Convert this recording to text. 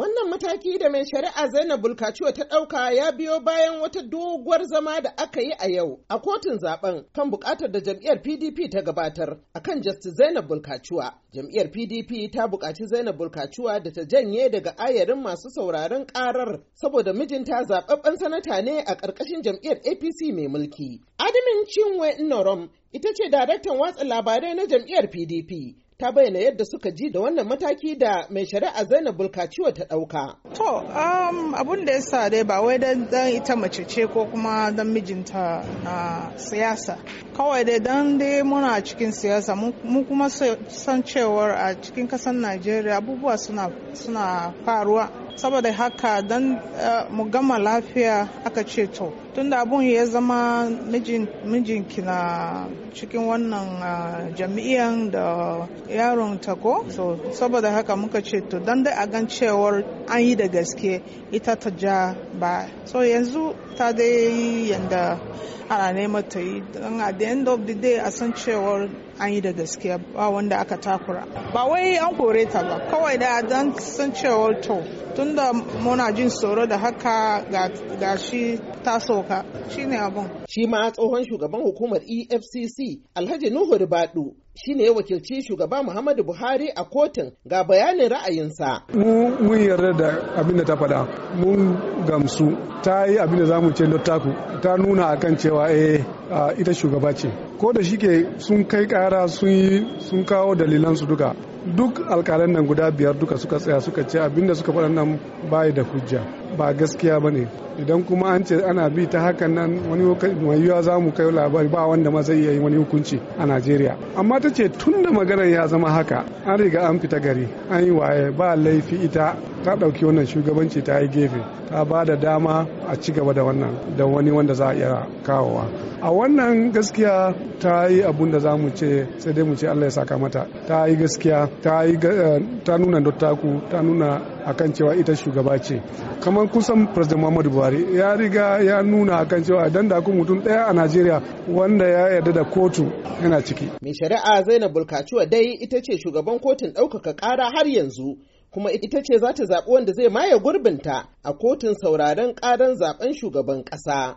Wannan mataki da mai shari'a Zainab Bulkaciwa ta ɗauka ya biyo bayan wata doguwar zama da aka yi a yau a kotun zaben kan buƙatar da jam'iyyar PDP ta gabatar a kan Justice Zainab Bulkaciwa. Jam'iyyar PDP ta buƙaci Zainab Bulkaciwa da ta janye daga ayarin masu sauraron ƙarar saboda mijinta zaɓaɓɓen sanata ne a ƙarƙashin jam'iyyar APC mai mulki. Adamin Chinwe Nnorom ita ce daraktan watsa labarai na jam'iyyar PDP. ta bayyana yadda suka ji da wannan mataki da mai shari'a Zainab Bulkaciwa ta ɗauka. To, um, abun da ya sa dai ba wai dan ita mace ce ko kuma dan mijinta na siyasa. Kawai dai dan dai muna cikin siyasa mu kuma san cewar a cikin kasar Najeriya abubuwa suna faruwa saboda haka don eh, mu gama lafiya aka ce to tunda abun ya zama mijinki na cikin wannan eh, jami'an da yaron tako so saboda haka muka ce to don dai a gan cewar an yi da gaske ita ta ja ba so yanzu ta dai yanda ana neman ta yi don at the end of the day a san cewar an yi da gaskiya ba wanda aka takura ba wai an kore ta ba kawai da don san cewar to tunda muna jin tsoro da haka ga shi ta sauka shine abun shi ma tsohon shugaban hukumar efcc alhaji nuhu ribadu Shi ya wakilci shugaba Muhammadu Buhari a kotun ga bayanin ra'ayinsa. Mun yarda da abin da ta faɗa, mun gamsu ta yi abin da za mu ce taku ta nuna a kan cewa eh ita shugaba ce. Ko da shi ke sun kai ƙara sun kawo dalilansu duka duk alkalan nan guda biyar duka suka tsaya suka ce abinda suka faɗa nan bayi da hujja ba gaskiya ba ne idan kuma an ce ana bi ta hakan nan wani mai za mu kai labari ba wanda ma zai iya yi wani hukunci a najeriya amma ta ce tun da maganar ya zama haka an riga an fita gari an yi waye ba laifi ita ta ɗauki wannan shugabanci ta yi gefe ta ba da dama a ci gaba da wannan da wani wanda za a iya kawowa a wannan gaskiya ta yi abun da za mu ce sai dai mu ce allah ya saka mata ta yi gaskiya ta eh, nuna dottaku ta nuna a kan cewa ita shugaba ce kamar kusan president muhammadu buhari ya riga ya nuna a kan cewa idan da ku mutum daya a najeriya wanda ya yarda da kotu yana ciki mai shari'a zainab bulkacuwa dai ita ce shugaban kotun ɗaukaka ƙara har yanzu kuma ita ce za ta zaɓi wanda zai maye gurbinta a kotun sauraron ƙaran zaɓen shugaban ƙasa.